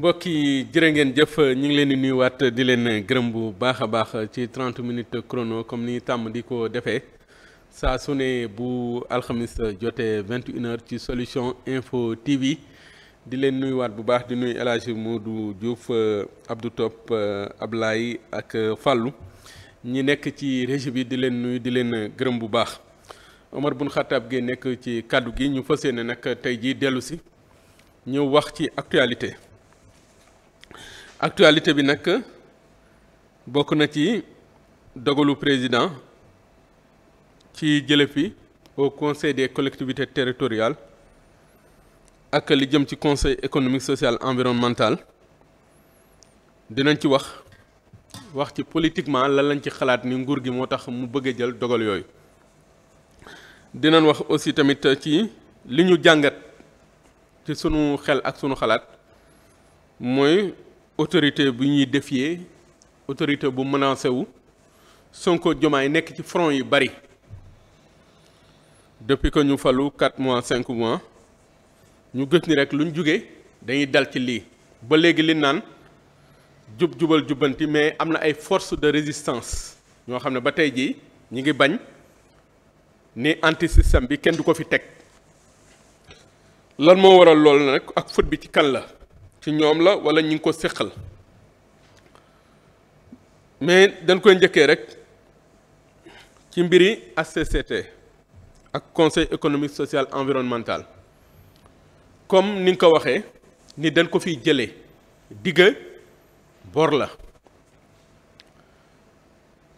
mbokk yi jërë ngeen jëf ñu ngi leen di nuyuwaat di leen gërëm bu baax a baax ci 30 minutes chrono comme ni tàmm di ko defee saa su bu alxamis jote 21 heures ci solution info TV di leen nuyuwaat bu baax di nuyu El Hadj Modou Diouf Abdou Top Ablaye ak Fallou ñi nekk ci régie bi di leen nuyu di leen gërëm bu baax Omar Bun Xattaab gi nekk ci kàddu gi ñu fas yéene nag tey jii dellu si ñëw wax ci actualité. actualité bi nag bokk na ci dogalu président ci jële fi au conseil des collectivités territoriales ak li jëm ci conseil économique social environnemental dinañ ci wax wax ci politiquement lan lañ ci xalaat ni nguur gi moo tax mu bëggee jël dogal yooyu dinañ wax aussi tamit ci li ñu jàngat ci sunu xel ak sunu xalaat mooy autorité bu ñuy défier autorité bu menacé wu Sonko Diomaye nekk ci front yu bari depuis que ñu falu 4 mois 5 mois ñu gis ni rek luñ jugee dañuy dal ci lii ba léegi li naan jub jubal jubbanti mais am na ay forces de résistance ñoo xam ne ba tey jii ñi ngi bañ ni anti système bi kenn du ko fi teg lan moo waral loolu nag ak foot bi ci kan la. ci ñoom la wala ñu ngi ko séqal mais dañ koy njëkkee rek ci mbiri HCCT ak conseil économique social environnemental comme ni nga ko waxee ni dañ ko fiy jëlee digga bor la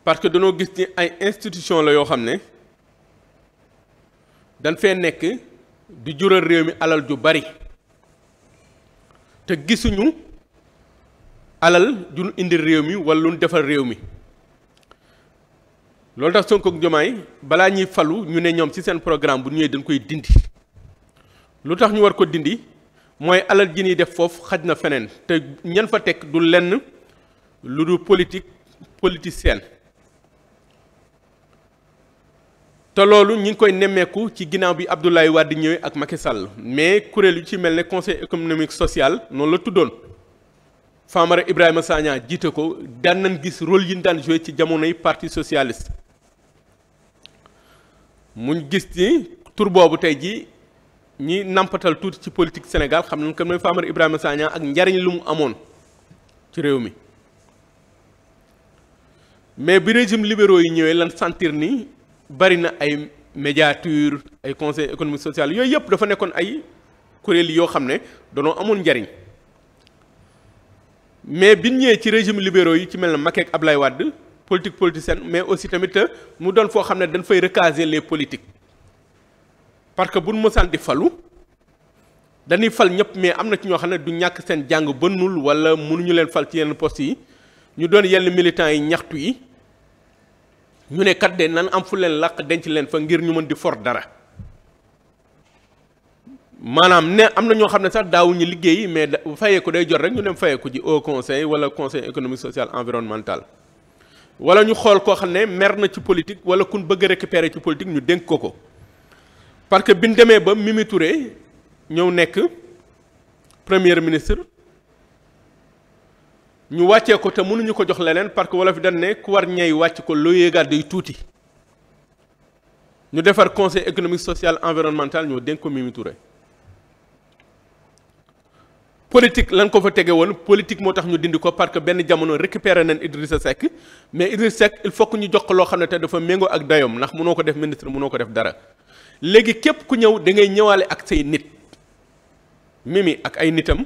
parce que dañoo gis ni ay institution la yoo xam ne dañ fee nekk di jural réew mi alal ju bari te gisuñu alal ju nu indil réew mi wala lu nu defal réew mi loolu tax Sonko ak Diomaye balaa ñuy falu ñu ne ñoom ci seen programme bu ñëwee dañ koy dindi lu tax ñu war ko dindi mooy alal ji ñuy def foofu xaj na feneen te ñan fa tekk du lenn lu du politique politicienne te loolu ñi ngi koy nemmeeku ci ginnaaw bi Abdoulaye Wade ñëwee ak Macky Sall mais kuréel yu ci mel ne conseil économique social noonu la tuddoon Famara Ibrahima Sagna jiite ko daan nañ gis rôle yi ñu daan joué ci jamonoy parti socialiste muñ gis ni tur boobu tey ji ñi nampatal tuuti ci politique Sénégal xam nañ kam mooy Famara Ibrahima Sagna ak njariñ lu mu amoon ci réew mi mais bi régime libéraux yi ñëwee lan sentir ni bari na ay médiature ay conseil économique sociale yooyu yëpp dafa nekkoon ay kuréel yoo xam ne danoo amoon njariñ mais biñ ñëwee ci régime libéraux yi ci mel ne Macky ak Ablaye Wade politique politicienne mais aussi tamit mu doon foo xam ne dañ fay recaser les politiques parce que buñ mosaan di falu dañuy fal ñëpp mais am na ci ñoo xam ne du ñàkk seen jàng bënnul wala ñu leen fal ci yenn post yi ñu doon yenn militants yi ñaxtu yi ñu ne kat de nan am fu leen làq denc leen fa ngir ñu mën di for dara maanaam ne am na ñoo xam ne sax daawuñu liggéey mais fayee ko day jot rek ñu dem fayee ko ci au conseil wala conseil économique social environnemental wala ñu xool koo xam ne mer na ci politique wala kun bëgg a récupérer ci politique ñu dénk ko ko parce que bi ñu demee ba Mimi Touré ñëw nekk premier ministre ñu wàccee ko te mënuñu ko jox leneen parce que wolof dañ ne ku war ñey wàcc ko loo yéegaat day tuuti ñu defar conseil économique social environnemental ñoo dénk ko Mimi Touré politique lan ko fa tegee woon politique moo tax ñu dindi ko parce que benn jamono récupéré nañ Idrissa Seck mais Idrissa Seck il faut que ñu jox ko loo xam ne te dafa méngoo ak dayoom ndax mënoo ko def ministre mënoo ko def dara léegi képp ku ñëw da ngay ñëwaale ak say nit Mimi ak ay nitam.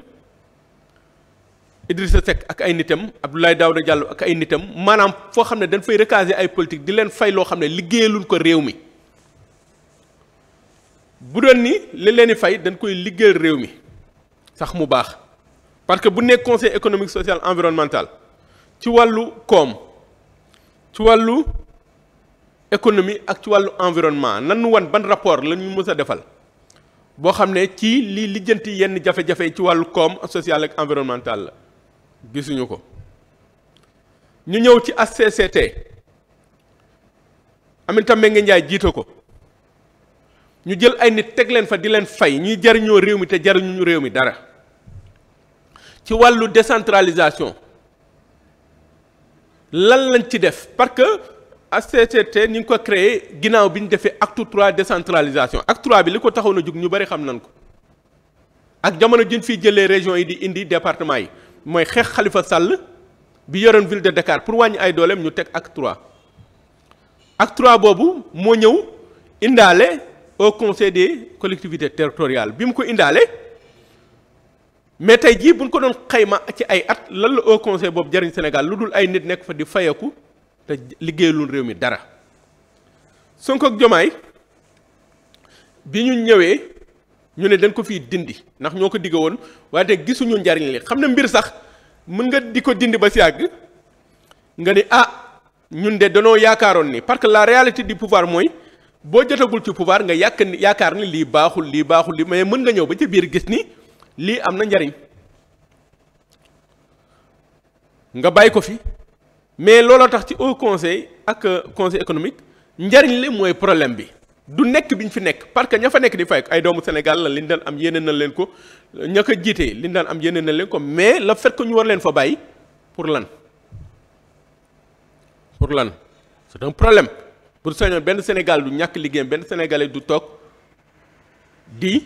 Idrissa Seck ak ay nitam Abdoulaye Daouda Diallo ak ay nitam maanaam foo xam ne dañ fay recaser ay politique di leen fay loo xam ne liggéeyaluñ ko réew mi bu doon ni li leen di fay dañ koy liggéeyal réew mi sax mu baax parce que bu nekk conseil économique social environnemental ci wàllu koom ci wàllu économie ak ci wàllu environnement nan nu wan ban rapport la ñu mës a defal boo xam ne ci lii lijjanti yenn jafe-jafe ci wàllu koom social ak environnemental la gisuñu ko ñu ñëw ci HCCT Aminata nga njaay jiite ko ñu jël ay nit teg leen fa di leen fay ñuy jariñoo réew mi te jariñuñu réew mi dara ci wàllu decentralisation lan lañ ci def parce que HCCT ñu ngi ko créé ginnaaw bi ñu defee acte trois décentralisation acte trois bi li ko taxoon a jug ñu bari xam nañ ko ak jamono juñ fiy jëlee région yi di indi département yi mooy xeex xalifa Sall bi yoroon ville de Dakar pour wàññi ay dooleem ñu teg ak trois acte trois boobu moo ñëw indaale au conseil de collectivités territoriales bi mu ko indaale mais tey jii bu ñu ko doon xayma ci ay at lan la au conseil boobu jëriñ Sénégal lu dul ay nit nekk fa di fayeku te liggéeyalul réew mi dara Sonko ak Jomaay bi ñu ñëwee. ñu ne dañ ko fii dindi ndax ñoo ko digg woon waaye te gisuñu njariñ li xam ne mbir sax mën nga di ko dindi ba si àgg nga ni ah ñun de danoo yaakaaroon ni parce que la réalité di pouvoir mooy boo jotagul ci pouvoir nga yàkk yaakaar ni lii baaxul lii baaxul lii mais mën nga ñëw ba ci biir gis ni lii am na njariñ nga bàyyi ko fi mais looloo tax ci haut conseil ak conseil économique njariñ li mooy problème bi du nekk bi ñu fi nekk parce que ña fa nekk di fay ay doomu Sénégal la liñ daan am yéene na leen ko ña ko jiitee liñ daan am yéene na leen ko mais la fait que ñu war leen fa bàyyi pour lan pour lan c'est un problème pour sañoon benn Sénégal du ñàkk liggéeyam benn Sénégalais du toog di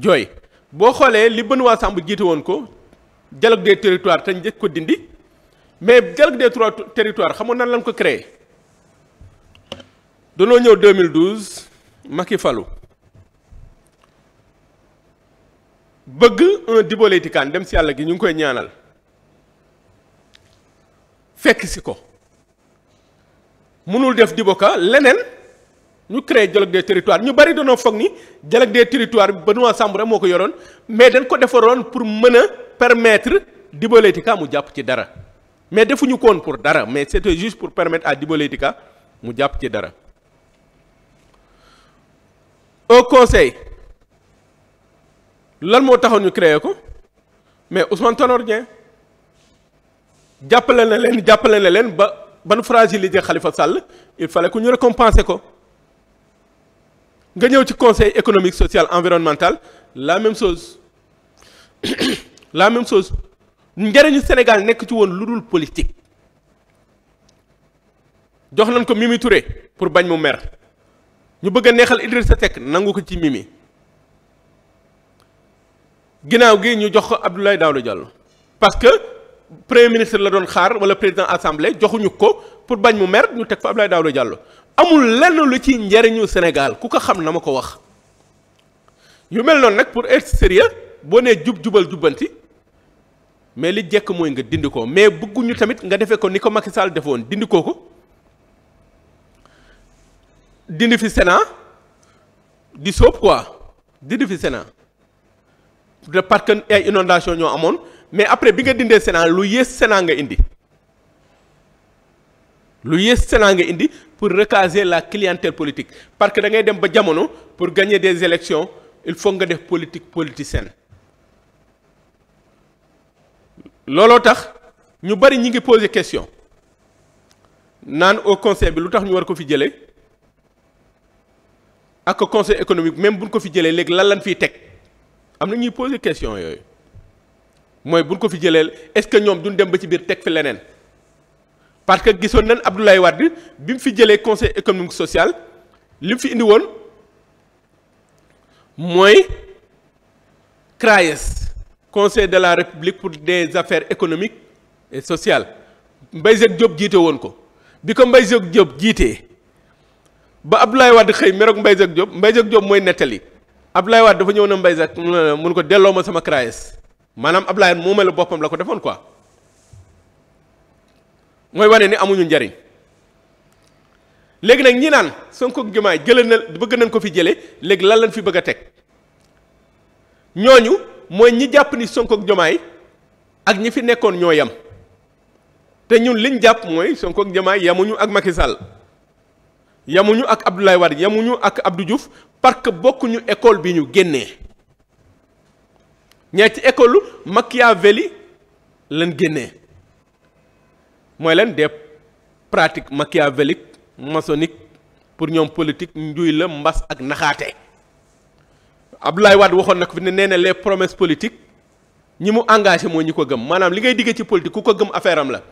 jooy boo xoolee li waa sàmb jiite woon ko dialogue des territoires te njëkk ko dindi mais dialogue des territoires xamoon nan lañ ko créé danoo ñëw 2012 Macky falu bëgg un Djibo Leyti Kane dem si yàlla gi ñu ngi koy ñaanal fekk si ko mënul def Djibo Ka leneen ñu créé dialogue des territoires ñu bari danoo foog ni dialogue des territoires Benoît Sambou moo ko yoroon mais dañ ko defaroon pour mën a permettre Djibo Leyti Kane mu jàpp ci dara mais defuñu koon pour dara mais c'était juste pour permettre à Djibo Leyti Kane mu jàpp ci dara au conseil lan moo taxoon ñu créer ko mais Ousmane Tanor Dieng jàppale na leen jàppale na leen ba ban fragiliser xalifa Sall il fallait que ñu récompenser ko nga ñëw ci conseil économique social environnemental la même chose la même chose njëriñu Sénégal nekk ci woon lu dul politique jox nañ ko Mimi Touré pour bañ mu mer. ñu bëgg a neexal sa Seck nangu ko ci Mimi ginnaaw gi ñu jox ko Abdoulaye Daouda Diallo parce que premier ministre la doon xaar wala président assemblée joxuñu ko pour bañ mu mer ñu teg fa Abdoulaye Daouda Diallo amul lenn lu ci njariñu Sénégal ku ko xam na ma ko wax yu mel noonu nag pour être sérieux boo nee jub jubal jubbanti mais li jekk mooy nga dindi ko mais bëgguñu tamit nga defee ko ni ko Macky Sall defoon dindi koo ko dindi fi Sénat di sóob quoi dindi fi Sénat de parce que ay inondation ñoo amoon mais après bi nga dindee Sénat lu yées sena nga indi lu yées Sénat nga indi pour recaser la clientèle politique parce que da ngay dem ba jamono pour gagner des élections il faut nga def politique politicienne looloo tax ñu bari ñi ngi poser question naan au conseil bi lu tax ñu war ko fi jëlee. ak conseil économique même buñ ko fi jëlee léegi lan lañ fiy teg am na ñuy poser question yooyu mooy buñ ko fi jëlee est-ce que ñoom duñ dem ba ci biir teg fi leneen parce que gisoon nañ Abdoulaye Wade bi mu fi jëlee conseil économique social li mu fi indi woon mooy CRAES conseil de la république pour des affaires économiques et sociales Mbaye Jacques Diop jiite woon ko bi ko Mbaye Jacques Diop jiitee ba Abdoulaye Wade xëy meroog Mbaye Jacques Diop Mbaye Jacques Diop mooy nettali Abdoulaye Wade dafa ñëw na Mbaye Jacques mun ko delloo ma sama CRAES maanaam Abdoulaye moo mel boppam la ko defoon quoi mooy wane ni amuñu njariñ léegi nag ñi naan Sonko ak Diomaye jëlee na bëgg nañ ko fi jëlee léegi lan lañ fi bëgg a teg ñooñu mooy ñi jàpp ni sonkook jomaay ak ñi fi nekkoon ñoo yam te ñun liñ jàpp mooy Sonko ak Diomaye yemuñu ak Macky yamuñu ak Abdoulaye Wade yamuñu ak Abdou Diouf parce que bokkuñu école bi ñu génnee ñee ci école Machiavelli lan génnee mooy leen des pratiques machiavéliques maçonniques pour ñoom politique njuy la mbas ak naxaate Abdoulaye Wade waxoon na ko fi ne nee na les promesses politiques ñi mu engagé mooy ñi ko gëm maanaam li ngay diggee ci politique ku ko gëm affaire am la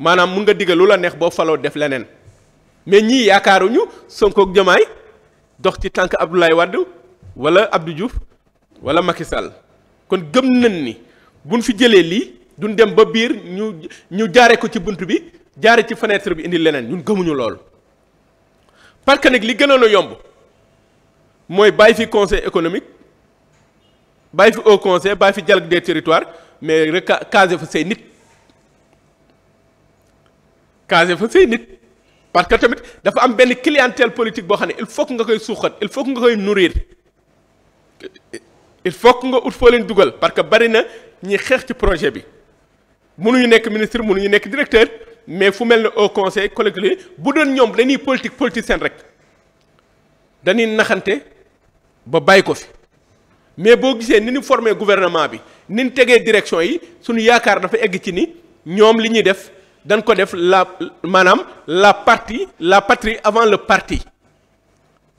maanaam mun nga digg lu la neex boo faloo def leneen mais ñii yaakaaruñu Sonko ak Diomaye dox ci tànk Abdoulaye Wade wala abdu Diouf wala Macky Sall kon gëm nañ ni buñ fi jëlee lii duñ dem ba biir ñu ñu jaare ko ci bunt bi jaare ci fenêtre bi indi leneen ñun gëmuñu lool parce que nag li gënoon a yomb mooy bàyyi fi conseil économique bàyyi fi haut conseil bàyyi fi dialogue des territoires mais rek caser fa say nit caser fa say nit parce que tamit dafa am benn clientèle politique boo xam ne il faut nga koy suuxat il faut que nga koy nourrir il faut nga ut foo leen dugal parce que bari na ñi xeex ci projet bi mënuñu nekk ministre ñu nekk directeur mais fu mel ne au conseil collectivité bu doon ñoom dañuy politique seen rek dañuy naxante ba bàyyi ko fi mais boo gisee ni nu formé gouvernement bi ni ñu tegee direction yi suñu yaakaar dafa egg ci ni ñoom li ñuy def. danga ko def la maanaam la parti la patrie avant le parti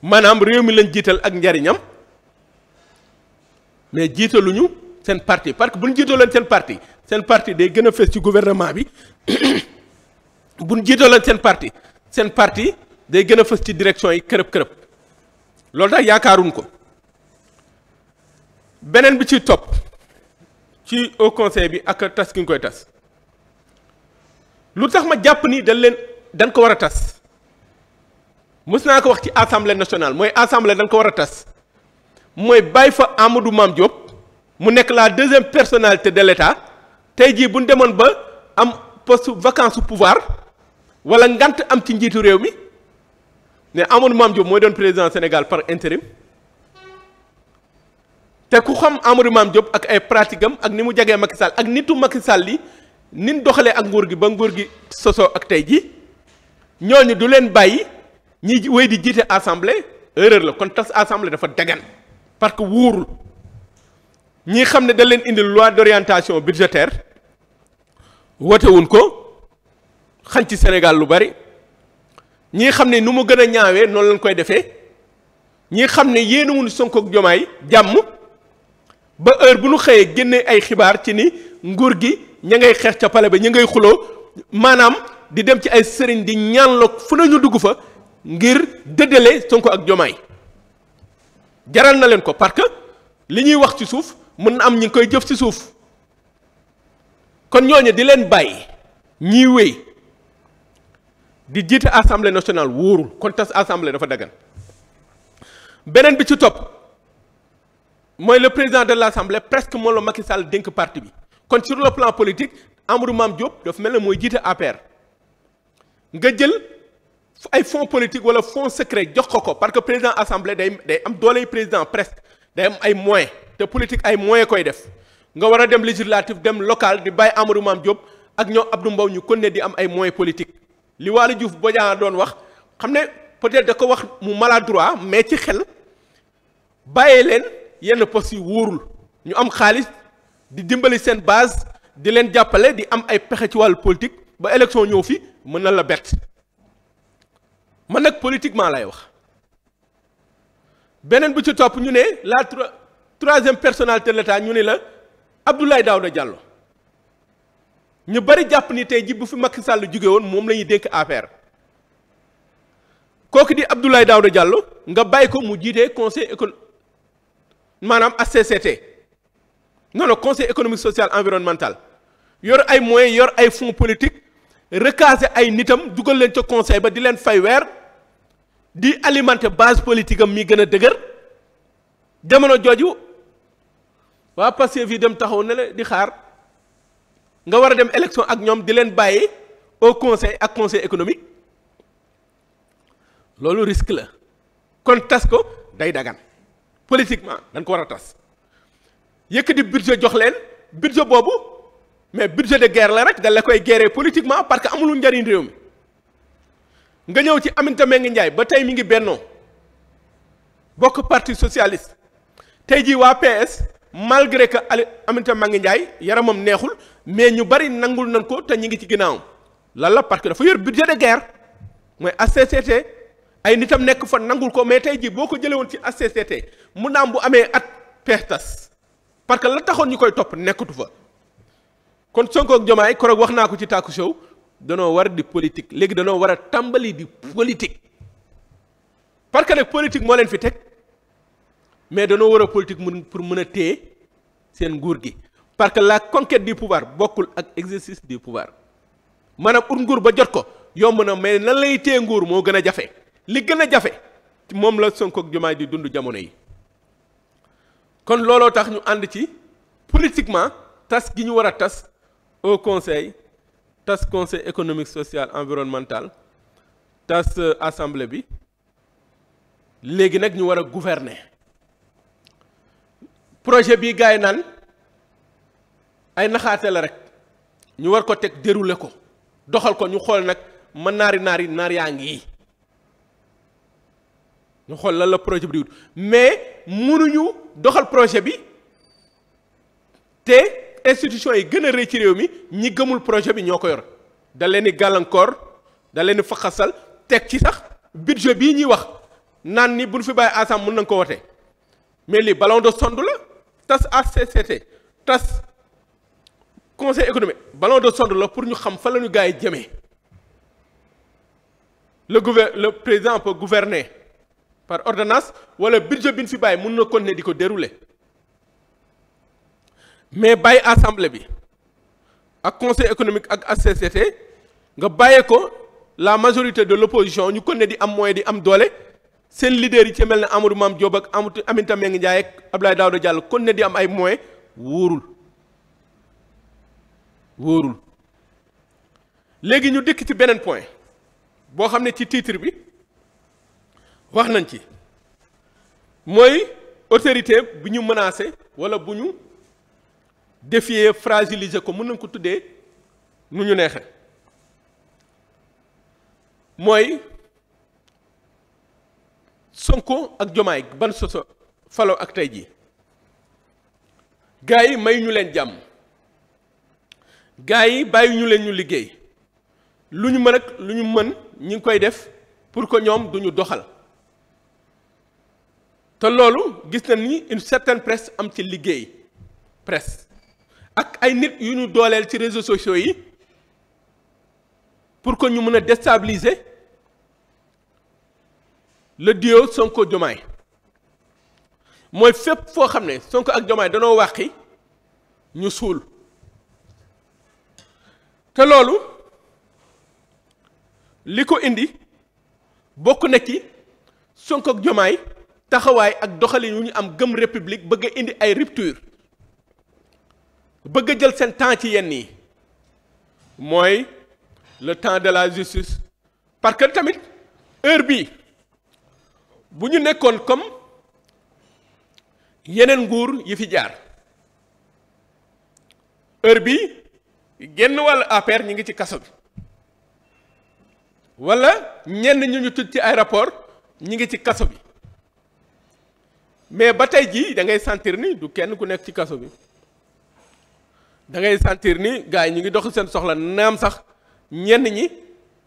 maanaam réew mi lañ jiital ak njariñam mais jiitaluñu seen parti parce que bu ñu jiitaloon seen parti seen parti day gën a fees ci gouvernement bi bu ñu jiitaloon seen parti seen parti day gën a fës ci direction yi kërëb kërëb loolu tax yaakaaruñ ko beneen bi ci topp ci au conseil bi ak tas ki ñu koy tas lu tax ma jàpp ni dañ leen dañ ko war a tas mës naa ko wax ci assemblée nationale mooy assemblée dañ ko war a tas mooy bàyyi fa Amadou Mame Diop mu nekk la deuxième personnalité de l'État tey jii bu ñu demoon ba am poste vacance au pouvoir wala ngant am ci njiitu réew mi ne Amadou Mame Diop mooy doon président Sénégal par intérim te ku xam Amadou Mame Diop ak ay pratique ak ni mu jagee Macky Sall ak nitu Macky Sall yi nin doxalee ak nguur gi ba nguur gi sosoo ak tey ji ñooñu du leen bàyyi ñi wéy di jiite assemblée erreur la kon tas assemblée dafa dagan parce que wóorul ñi xam ne da leen indi loi d'orientation budgétaire wotewuñ ko xañ ci Sénégal lu bari ñi xam ne nu mu gën a ñaawee noonu lañ koy defee ñi xam ne yéenawuñ Sonko ak Jomaay jàmm ba heure bu ñu xëyee génne ay xibaar ci ni nguur gi ña ngay xeex ca pale ba ñu ngay xuloo maanaam di dem ci ay sëriñ di ñaanloog fu nañu dugg fa ngir dëddale Sonko ak Jomaay jaral na leen ko parce que li ñuy wax ci suuf mën na am ñu ngi koy jëf ci suuf kon ñooñu di leen bàyyi ñiy wéy di jiite assemblée nationale wóorul kon tas assemblée dafa dagan beneen bi ci topp mooy le président de l' assemblée presque moo la Macky Sall dénk parti bi kon sur le plan politique Amadou Mame Diop dafa mel ne mooy jiite APR nga jël ay fonds politique wala fonds secret jox ko ko parce que président assemblée day day am dooley président presque day am ay moyens te politique ay moyens koy def nga war a dem législatif dem local di bàyyi Amadou maam Diop ak ñoom Abdou Mbow ñu ne di am ay moyens politique li Waly Diouf Bodian doon wax xam ne peut-être da ko wax mu droit mais ci xel bàyyee leen yenn postes yi wóorul ñu am xaalis. di dimbali seen base di leen jàppale di am ay pexe ci wàllu politique ba élection ñëw fi mën na la bett mën nag politiquement lay wax beneen bu ci topp ñu ne la troisième personnalité de ñu ne la Abdoulaye Daouda Diallo ñu bari jàpp ni tey ji bu fi Macky Sall jóge woon moom la ñuy dénk affaire kooku di Abdoulaye Daouda Diallo nga bàyyi ko mu jiite conseil école maanaam HCCT non non conseil économique social environnemental yor ay moyens yor ay fonds politique recaser ay nitam dugal leen ca conseil ba di leen fay weer di alimenter base politique am mi gën a dëgër jamono jooju waa Pastef yi dem taxaw ne la di xaar nga war a dem élection ak ñoom di leen bàyyi au conseil ak conseil économique loolu risque la kon tas ko day dagan politiquement dañ ko war a tas yëkkati budget jox leen budget boobu mais budget de guerre la rek dañ la koy guerre politiquement parce que amulul njariñ réew mi nga ñëw ci Aminata Mbengue Ndiaye ba tey mi ngi bennoo bokk parti socialiste tey jii waa PS malgré que Ali Aminata Mbengue Ndiaye yaramam neexul mais ñu bari nangul nañ ko te ñu ngi ci ginnaawam lan la parce que dafa yor budget de guerre mooy HCCT ay nitam nekk fa nangul ko mais tey jii boo ko jëlee ci HCCT mu naam bu amee at pexe parce que la taxoon ñu koy topp nekkatu fa kon Sonko ak Diomaye wax naa ko ci tàkku show danoo war di politique léegi danoo war a tàmbali di politique parce que nag politique moo leen fi teg mais danoo war a politique mun pour mën a téye seen nguur gi parce que la conquête du pouvoir bokkul ak exercice du pouvoir maanaam ut nguur ba jot ko yomb na mais nan lay téye nguur moo gën a jafe li gën a jafe moom la Sonko ak Diomaye di dund jamono yi kon looloo tax ñu ànd ci politiquement tas gi ñu war a tas au conseil tas conseil économique social environnemental tas euh, assemblée bi léegi nag ñu war a gouverner projet bii gars yi naan ay naxaate la rek ñu war ko teg dérouler ko doxal ko ñu xool nag ma naari naari naar yaa ngi ñu xool lan la projet bi di wut mais mënuñu doxal projet bi te institution yi gën a rëy ci réew mi ñi gëmul projet bi ñoo ko yor da leen di gàllankoor da leen di faxasal teg ci sax budget bii ñuy wax naan ni bu ñu fi bàyyi asam mën nañ ko wote mais lii ballon de sonde la tas HCCT tas conseil économique ballon de sonde la pour ñu xam fa la ñu gars yi jëmee le gouver le président peut gouverner par ordonnance wala budget bi ñu fi bàyyi mun na ne di ko dérouler mais bàyyi assemblée bi ak conseil économique ak HCCT nga bàyyee ko la majorité de l'opposition ñu kon ne di am moyen di am doole seen leader yi ci mel ni Amadou Mame Diop ak Amadou Aminata Mbengue Ndiaye ak Abdoulaye jàll kon continuer di am ay moyens wóorul wóorul léegi ñu dikk ci beneen point boo xam ne ci titre bi. wax nañ ci mooy autorité bu ñu menacé wala bu ñu défier fragiliser ko mën nañ ko tuddee nu ñu neexe mooy Sonko ak Jomaay ban soso falo ak tey jii gars yi may ñu leen jàmm gars yi bàyyi ñu leen ñu liggéey lu ñu mën ak lu ñu mën ñi ngi koy def pour que ñoom duñu doxal te loolu gis nañ ni une certaine presse am ci liggéey presse ak ay nit yu ñu dooleel ci réseau sociaux yi pour que ñu mën a déstabiliser le duo Sonko Diomaye mooy fépp foo xam ne Sonko ak Diomaye danoo wàqi ñu suul te loolu li ko indi bokk na ci Sonko ak Diomaye taxawaay ak doxalin yu ñu am gëm république bëgg a indi ay rupture bëgg a jël seen temps ci yenn yi mooy le temps de la justice parce que tamit heure bi bu ñu nekkoon comme yeneen nguur yi fi jaar heure bi genn wàllu APR ñi ngi ci kaso bi wala ñenn ñu ñu tudd ci ay aéroport ñi ngi ci kaso bi mais ba tey jii dangay ngay sentir ni du kenn ku nekk ci kaso bi dangay ngay sentir ni gars yi ñu ngi dox seen soxla naam sax ñenn ñi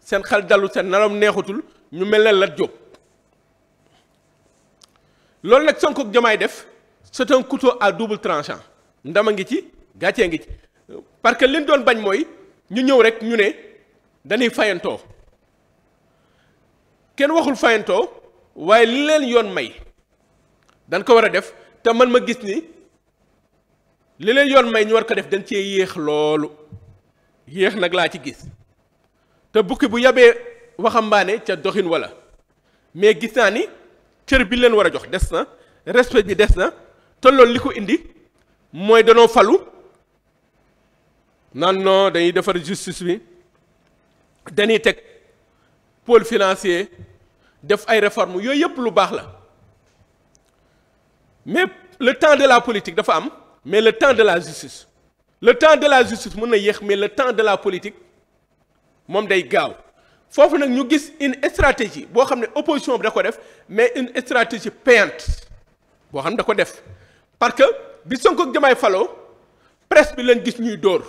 seen xal dalu seen naram neexatul ñu mel ne Lat Diop loolu nag Sonko ak Diomaye def c'est un couteau à double ndam a ngi ci gàccee ngi ci parce que liñ doon bañ mooy ñu ñëw rek ñu ne dañuy fayantoo kenn waxul fayantoo waaye li leen yoon may dañ ko war a def te man ma gis ni li leen yoon may ñu war ko def dañ cee yéex loolu yéex nag laa ci gis te bukki bu yabee waxambaane ca doxin wala mais gis naa ni cër bi leen war a jox des na respect bi des na te loolu li ko indi mooy danoo falu nan non dañuy defar justice bi dañuy teg pôle financier def ay réformes yooyu yëpp lu baax la mais le temps de la politique dafa am mais le temps de la justice le temps de la justice mën na yéex mais le temps de la politique moom day gaaw foofu nag ñu gis une stratégie boo xam ne opposition bi da ko def mais une stratégie payante boo xam ne da ko def parce que bi Sonko ko Diomaye faloo presse bi leen gis ñuy dóor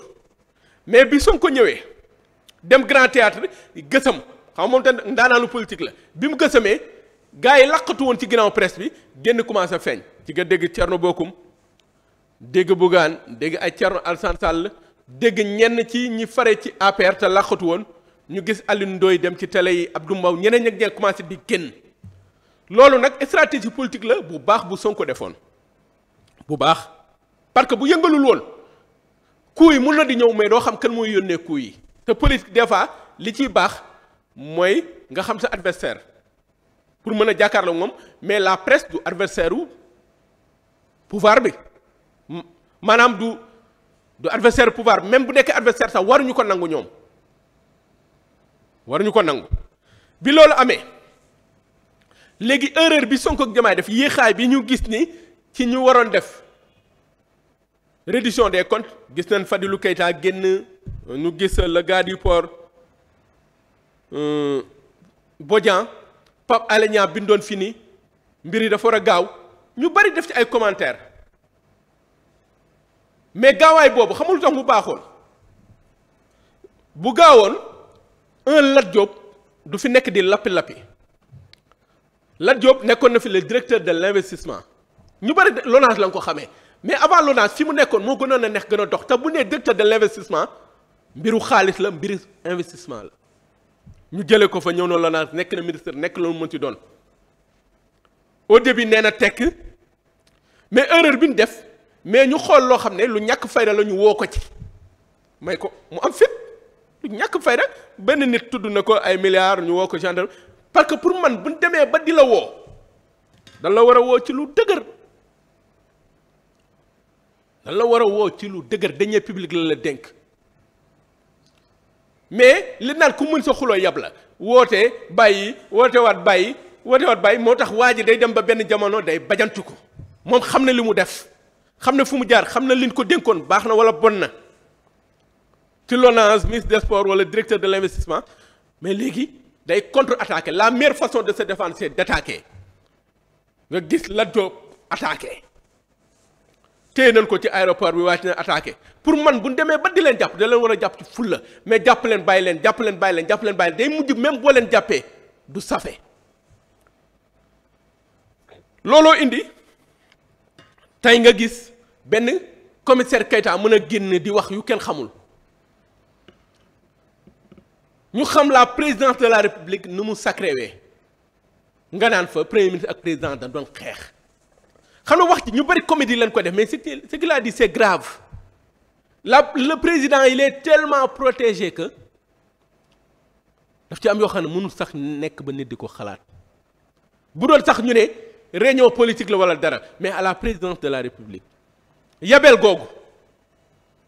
mais bi ko ñëwee dem grand théâtre gësëm xam moom tam ndaanaanu politique la bi mu gësamee gars yi laqatu woon ci ginnaaw presse bi génn commencé feeñ ci nga dégg Thierno Bocoum dégg Bougane dégg ay Thierno Alassane Sall dégg ñenn ci ñi fare ci APR te làqatu woon ñu gis Alioune dooy dem ci télé yi Abdou Mbow ñeneen ñak ñeen commencé di génn loolu nag stratégie politique la bu baax bu Sonko defoon bu baax parce que bu yëngalul woon kuuy mun na di ñëw mais doo xam kenn mooy yónnee kuu yi te politique des li ciy baax mooy nga xam sa adversaire pour mën a jàkkaarloo moom mais la presse du adversaire wu pouvoir bi maanaam du du adversaire pouvoir même bu nekkee adversaire sax ñu ko nangu ñoom waruñu ko nangu bi loolu amee léegi erreur bi sonk ak Diomaye def yéexaay bi ñu gis ni ci ñu waroon def reddition de comptes gis nañ Fadilou Keita génn ñu gis le gars du port euh, Bodian Pape Alé Niang bindoon fi ni mbir yi dafa war a gaaw ñu bari def ci ay commentaire mais gaawaay boobu xamul tax mu baaxoon bu gaawoon un Lat du fi nekk di lappi-lappi Lat Diop nekkoon na fi le directeur de l'investissement ñu bari Lonase la nga ko xamee mais avant Lonase fi mu nekkoon moo gënoon a neex gën a dox te bu nee directeur de l'investissement mbiru xaalis la mbiru investissement la ñu jëlee ko fa ñëw na Lonase nekk na ministre nekk loolu mën ci doon au début nee na tekk mais erreur bi ñu def mais ñu xool loo xam ne lu ñàkk fayda la ñu woo ko ci may ko mu am fit lu ñàkk fayda benn nit tudd na ko ay milliards ñu woo ko gendarme parce que pour man bu ñu demee ba di la woo dan la war a woo ci lu dëgër dan la war a woo ci lu dëgër dañee public la la dénk mais li naan ku mën sa xuloo yab la woote bàyyi woote waat bàyyi watewaat bàyyi moo tax waa ji day dem ba benn jamono day bajantu ko moom xam na li mu def xam na fu mu jaar xam na liñ ko dénkoon baax na wala bon na ci LONASE ministre des sports wala directeur de l'investissement mais léegi day contre-attaquer la meilleure façon de se défendre c'est d'attaquer nga gis Lat Diop attaqué téye ko ci aéroport bi wàcc na attaqué pour man bu ñu demee ba di leen jàpp da leen war a jàpp ci fulla mais jàpp leen bàyyi leen jàpp leen bàyyi leen jàpp leen bàyyi leen même boo jàppee du safe looloo indi tey nga gis benn commissaire Keita mën a génn di wax yu kenn xamul ñu xam la présidence de la république ni mu sacrewee nga naan fa premier ak président da doon xeex xam nga wax ci ñu bëri comédie lañ ko def mais ce qu'il a dit c'est grave la le président yi est tellement protégé que daf ci am yoo xam ne mënul sax nekk ba nit di ko xalaat bu doon sax ñu ne. réunion politique la wala dara mais à la présidence de la république yabel googu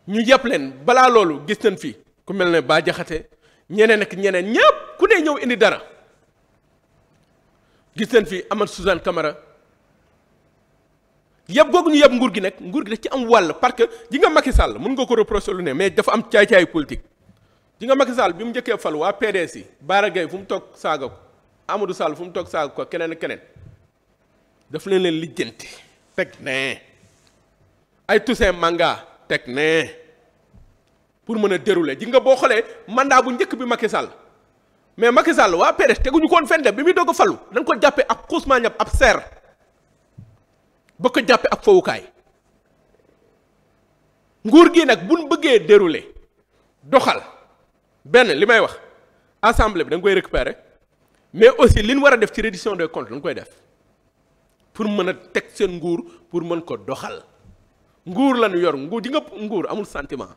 ñu yab leen balaa loolu gis nañ fi ku mel ne baa Diakhaté ñeneen ak ñeneen ñëpp ku ne ñëw indi dara gis nañ fi amat Suzanne Camara yab googu ñu yab nguur gi nag nguur gi daf ci am wàll parce que ji nga Macky sàll mën nga ko reprocher lu ne mais dafa am caay-caayu politique ji nga Macky Sall bi mu njëkkee fal waa PDS yi Bara fu mu toog saaga ko amatu Sall fu mu toog saaga ko keneen keneen daf leen leen lijjanti teg nee ay Toussaint Manga teg nee pour mën a dérouler ji nga boo xoolee mandat bu njëkk bi Macky Sall mais Macky Sall waa PDS teguñu ko woon fenn bi muy doog a falu dañ ko jàppe ak xuusmaa ab seer ba ko jàppee ab fowukaay nguur gi nag buñ bëggee dérouler doxal benn li may wax assemblée bi da nga koy récupérer mais aussi li ñu war a def ci reddition des comptes dañ koy def. pour mën a teg seen nguur pour mën ko doxal nguur lañu yor nguur di nga nguur amul sentiment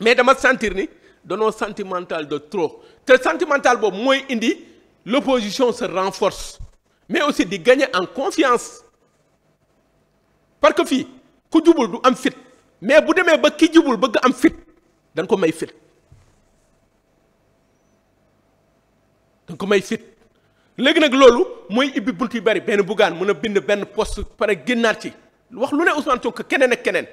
mais dama sentir ni danoo sentimental de trop te sentimental boobu mooy indi l'opposition se renforce mais aussi di gagner en confiance parce que fii ku jubul du am fit mais bu demee ba ki jubul bëgg am fit dañ ko may fit dañ ko may fit léegi nag loolu mooy ibbi bunt yu bari benn Bougane mën a bind benn poste pare génnaar ci wax lu ne Ousmane Sonko keneen ak keneen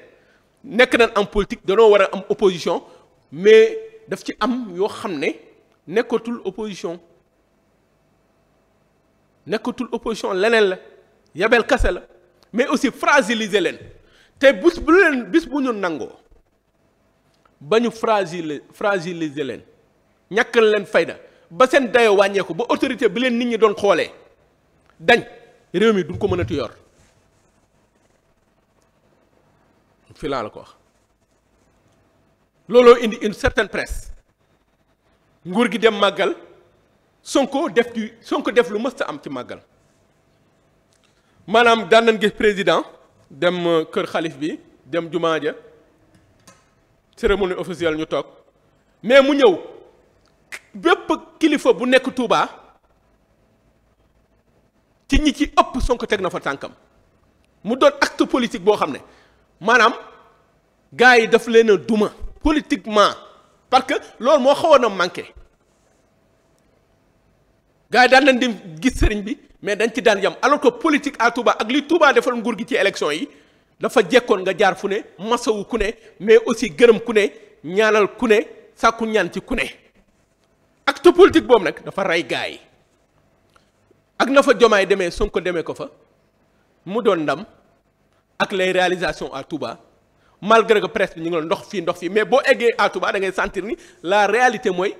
nekk nañ am politique danoo war a am opposition mais daf ci am yoo xam ne nekkatul opposition nekkatul opposition leneen la yabel kase la mais aussi fragiliser leen te bis bu leen bis bu ñu nangoo ba ñu fragile fragiliser leen ñàkkal leen fayda ba seen dayo wàññeeku ba autorité bi leen nit ñi doon xoolee dañ réew mi duñ ko mënati yor fi laa la ko looloo indi une certaine presse nguur gi dem màggal Sonko def ci Sonko def lu mës a am ci màggal maanaam daan gis président dem kër xalif bi dem jumaa ja cérémonie officielle ñu toog mais mu ñëw bépp kilifa bu nekk Touba ci ñi ci ëpp Sonko teg na fa tànkam mu doon acte politique boo xam ne maanaam gars yi daf leen a duma politiquement parce que loolu moo xawoon a manqué gars yi daan nañ di gis sëriñ bi mais dañ ci daan yam alors ko politique à Touba ak li Touba defal nguur gi ci élection yi dafa jekkoon nga jaar fu ne masawu ku ne mais aussi gërëm ku ne ñaanal ku ne sàkku ñaan ci ku ne acte politique boobu nag dafa rey gars yi ak na fa jomaay demee su ko demee ko fa mu doon ndam ak les réalisations à Touba malgré que presse bi ñu ngi doon ndox fii ndox fii mais boo eggee à Touba da ngay sentir ni la réalité mooy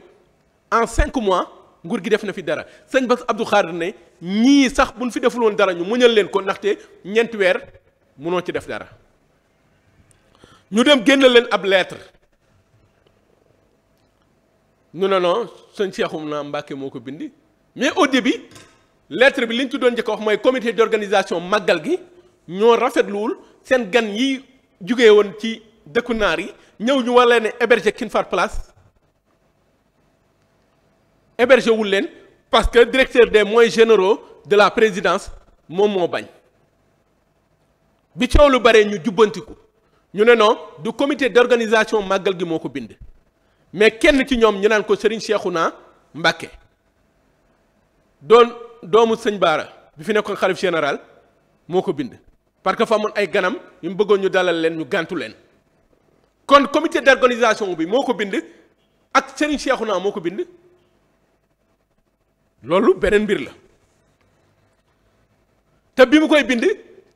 en cinq mois nguur gi def na fi dara sëñ Bass Abdou Khadre ne ñii sax buñ fi deful woon dara ñu muñal leen ko ndaxte ñeenti weer munoo ci def dara ñu dem génn leen ab lettre ñu ne non sëñ Cheikhoum naa Mbacke moo ko bindi mais au début lettre bi liñ ñu ci doon njëkk wax mooy comité d' organisation màggal gi ñoo rafetluwul seen gan yi jugee woon ci dëkku naar yi ñëw ñu war leen a héberger King Fahd Palace héberger wul leen parce que directeur des moyens généraux de la présidence moom moo bañ bi coow lu bare ñu jubbantiku ñu ne non du comité d' organisation màggal gi moo ko bind. mais kenn ci ñoom ñu naan ko Serigne naa Mbacké doon doomu sëñ Baara bi fi nekkoon xalif général moo ko bind parce que fa amoon ay ganam yu mu bëggoon ñu dalal leen ñu gàntu leen kon comité d'organisation bi moo ko bind ak Serigne naa moo ko bind loolu beneen mbir la te bi mu koy bind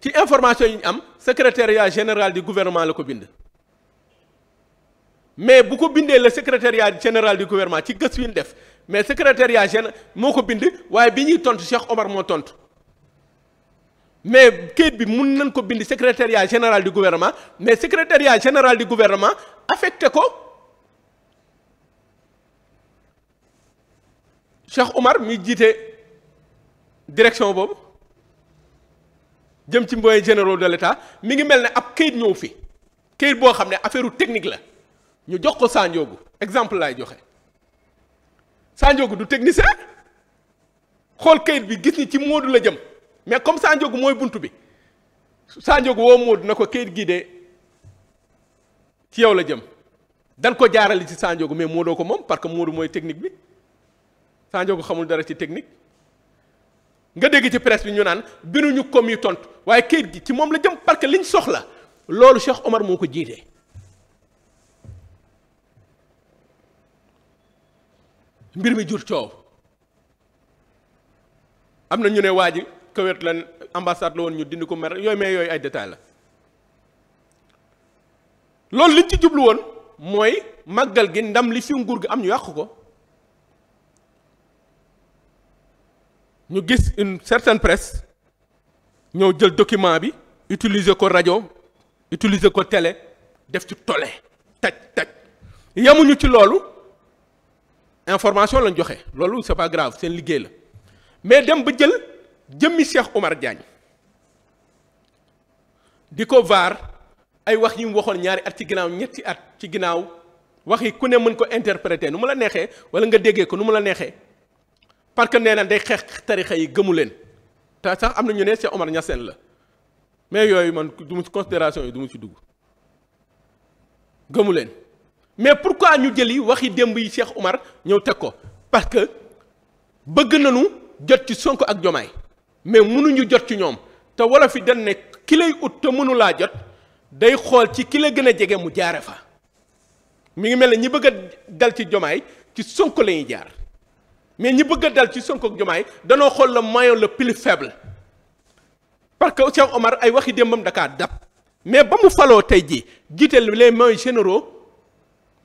ci information yi am secrétariat général du gouvernement la ko bind mais bu ko bindee la secrétariat général du gouvernement ci gëstu yi def mais secrétariat général moo ko bind waaye bi ñuy tontu Cheikh Omar moo tontu mais kayit bi mun nañ ko bind secrétariat général du gouvernement mais secrétariat général du gouvernement affecté ko Cheikh Omar mi jiite direction boobu jëm ci moyens généraux de l'État mi ngi mel ne ab kayit ñëw fi kayit boo xam ne affaire technique la. ñu jox ko Sanjoogu exemple laay joxe Sanjoogu du technicien xool kayit bi gis ni ci Moodu la jëm mais comme Sanjoogu mooy bunt bi Sanjoogu woo Moodu na ko kayit gi de ci yow la jëm dan ko jaarale ci Sanjoogu mais Moodoo ko moom parce que Moodu mooy technique bi Sanjoogu xamul dara ci technique nga dégg ci presse bi ñu naan binuñu comme yu tontu waaye kayit gi ci moom la jëm parce liñ soxla loolu Cheikh Omar moo ko jiitee mbir mi jur coow am na ñu ne waa ji Koweït lan ambassade la woon ñu dindi ko mer yooyu mais yooyu ay détails la loolu liñ ci jubluwoon mooy màggal gi ndam li fi nguur gi am ñu yàq ko ñu gis une certaine presse ñëw jël document bi utiliser ko rajo utiliser ko télé def ci tole taj taj yemuñu ci loolu information lañ joxe loolu c'est pas grave seen liggéey la mais dem ba jël jëmmi Cheikh Omar Diagne di ko vaar ay wax yi mu waxoon ñaari at ci ginnaaw ñetti at ci ginnaaw wax yi ku ne mën ko interpréter nu mu la neexee wala nga déggee ko nu mu la neexee parce que nee na day xeex tarixa yi gëmu leen te sax am na ñu ne Cheikh Omar Niassène la mais yooyu man du mu ci considération yi du mu ci dugg gëmu leen. mais pour pourquoi ñu jëli waxi démb yi Cheikh Omar ñëw teg ko parce que bëgg nañu jot ci sonk ak Jomaay mais mënuñu jot ci ñoom te wala fi dañ ne ki lay te mënu laa jot day xool ci ki gën a jege mu jaare fa mi ngi mel ne ñi bëgg a dal ci Jomaay ci Sonko la ñuy jaar mais ñi bëgg a dal ci Sonko ak Jomaay danoo xool la maillon le plus faible parce que Cheikh Omar ay wax waxi démbam da kaa dab mais ba mu faloo tey jii jiital les maillons généraux.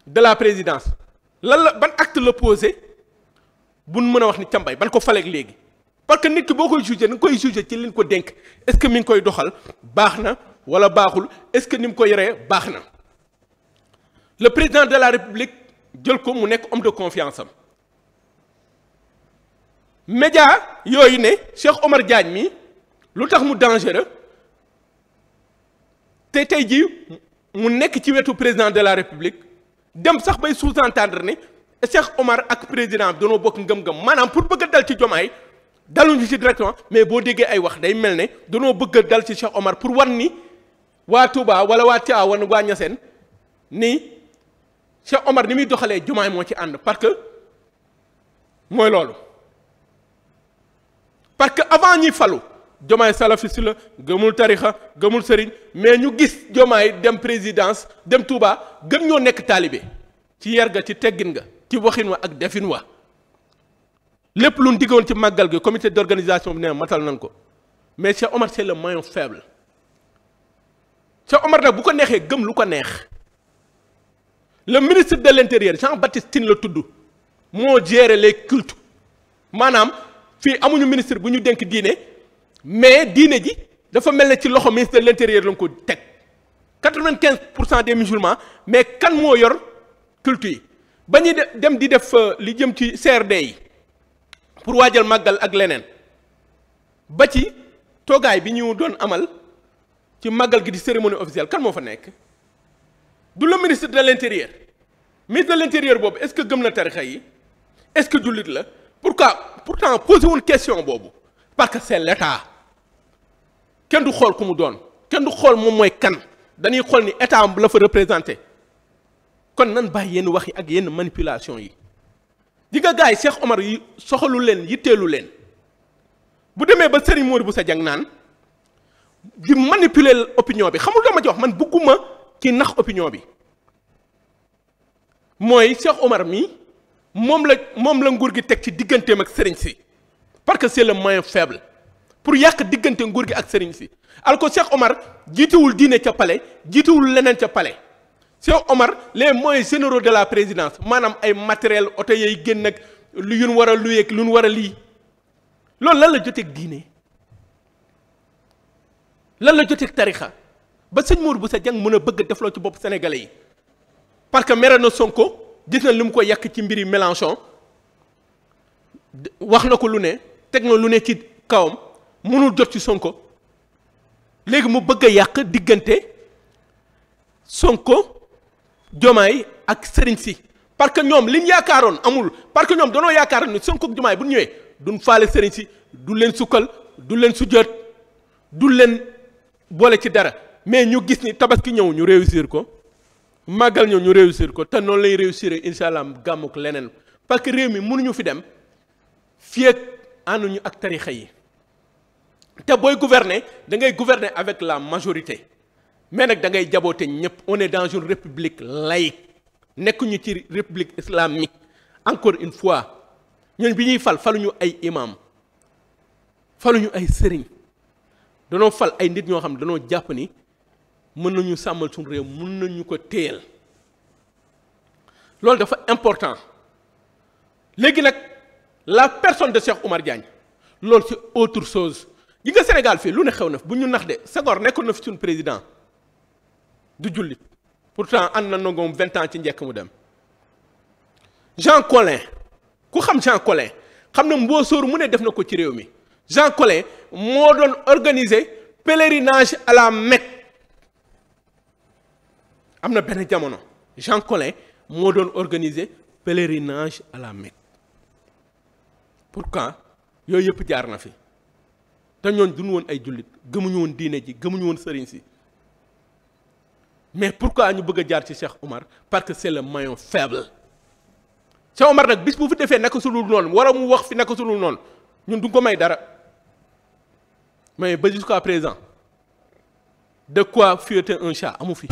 de la présidence lan la ban acte la posé buñ mën a wax ni càmbay ban ko faleeg léegi parce que nit ki boo koy jugé da nga koy jugé ci liñ ko dénk est-ce que mi ngi koy doxal baax na wala baaxul est-ce que ni mu ko yoree baax na le président de la république jël ko mu nekk homme de confiance am média yooyu ne Cheikh Omar Diagne mi lu tax mu dangereux te tey jii mu nekk ci wetu président de la république dem sax bay sous-entendre ne Cheikh Omar ak président danoo bokk ngëm-ngëm maanaam pour bëgg a dal ci Diomaye daluñu ci directement mais boo déggee ay wax day mel ne danoo bëgg a dal ci Cheikh Omar pour wan ni waa Touba wala waa Tivaouane waa Niassène ni Cheikh Omar ni muy doxalee Diomaye moo ci ànd parce que mooy loolu parce que avant ñuy falu. jomaay salafiste la gëmul tarixa gëmul sëriñ mais ñu gis jomaay dem présidence dem Touba gën ñoo nekk taalibe ci yar ga ci teggin nga ci waxin wa ak defin wa lépp lu ñu diggoon ci màggal gi comité d'organisation bi nee matal nañ ko mais Cheikh Omar c'est le maillon faible Cheikh Omar nag bu ko neexee gëm lu ko neex le ministre de l'intérieur Jean-Baptiste Tine la tudd moo gérer les cultes maanaam fii amuñu ministre bu ñu dénk diine mais diine ji dafa mel ne ci loxo ministre de l'intérieur la ko teg quatre-vingt-quinze pour cent des musulmans mais kan moo yor culte yi ba ñuy dem di def euh, li jëm ci CRD yi pour waajal màggal ak leneen ba ci toogaay bi ñu doon amal ci màggal gi di cérémonie officielle kan moo fa nekk du le ministre de l'intérieur ministre de l'intérieur boobu est-ce que gëm na tarixa yi est-ce que jullit la pourquoi pourtant posé wul question boobu parce que c'est l'État kenn du xool ku mu doon kenn du xool moom mooy kan dañuy xool ni état am la fa représenté kon nan bàyyi yenn wax yi ak yenn manipulation yi di nga gars yi Cheikh Omar yi soxalu leen yitteelu leen bu demee ba Serigne bu sa Dieng naan di manipuler opinion bi xamul dama jox man bëgguma ki nax opinion bi mooy Cheikh Omar mi moom la moom la nguur gi teg ci digganteem ak Serigne si parce que c'est le moyen faible pour yàq diggante nguur gi ak sëriñ si alko Cheikh Omar jiitewul diine ca palais jiitewul leneen ca palais Cheikh Omar leen mooy généraux de la présidence maanaam ay matériel oto yay génn ak lu yun war a luyeeg lu nu war a lii loolu lan la joteeg diine lan la joteeg tarixa ba sëñ Mour bu sa jàng mun a bëgg def la ci bopp sénégalais yi parce que mere na Sonko gis na lu mu ko yàq ci mbiri Mélenchon wax na ko lu ne teg na lu ne ci kawam mënul jot ci Sonko léegi mu bëgg a yàq diggante Sonko Jomaay ak sëriñ si parce que ñoom liñ yaakaaroon amul parce que ñoom danoo yaakaar ni Sonko ak Jomaay bu ñu ñëwee duñ faale sëriñ si du leen sukkal du leen sujjoot du leen boole ci dara mais ñu gis ni tabaski ñëw ñu réussir ko màggal ñëw ñu réussir ko te noonu lay réussir incha allah gàmmuk leneen parce que réew mi mënuñu fi dem fii ak ànduñu ak tarixa yi. te booy gouverner da ngay gouverner avec la majorité mais nag dangay ngay jaboote ñëpp on est dans une république laïque nekkuñu ci république islamique encore une fois ñun bi ñuy fal ñu ay imam faluñu ay sëriñ danoo fal ay nit ñoo xam ne danoo jàpp ni mën nañu sàmmal suñu réew mën nañu ko téyel loolu dafa important léegi nag la personne de Cheikh umar Diagne loolu c'est autre chose gi nga Sénégal fii lu ne xew na bu ñu nax de Senghor nekkoon na fi suñu président du jullit pourtant ànd na nangoom vingt ans ci njekk mu dem Jean Collin ku xam Jean Collin xam na mboosóor mu ne def na ko ci réew mi Jean Collin moo doon organiser pèlerinage à la Mecque am na benn jamono Jean Collin moo doon organiser pèlerinage à la Mecque yooyu yëpp jaar na fi. te ñooñ duñu woon ay jullit gëmuñu woon diine ji gëmuñu woon sëriñ si mais pour pourquoi ñu bëgg a jaar ci Cheikh Omar parce que c'est le maillon faible Cheikh Omar nag bis bu fi defee naka sulul noonu war mu wax fi naka sulul noonu ñun duñ ko may dara mais ba jusqu'à présent de quoi fouetter un chat amu fi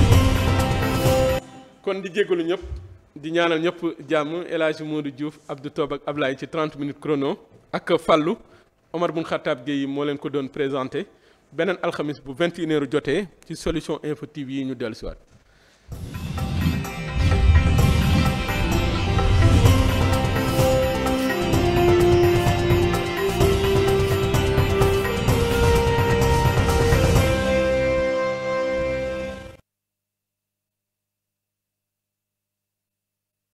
kon di jégalu ñëpp di ñaanal ñëpp jàmm El moo Modou Diouf Abdou Toba ak Ablaye ci 30 minutes chrono ak Fallou Omar Bun Khattab Gueye moo leen ko doon présenté beneen alxamis bu 21h jotee ci solution info TV yi ñu dellusiwaat.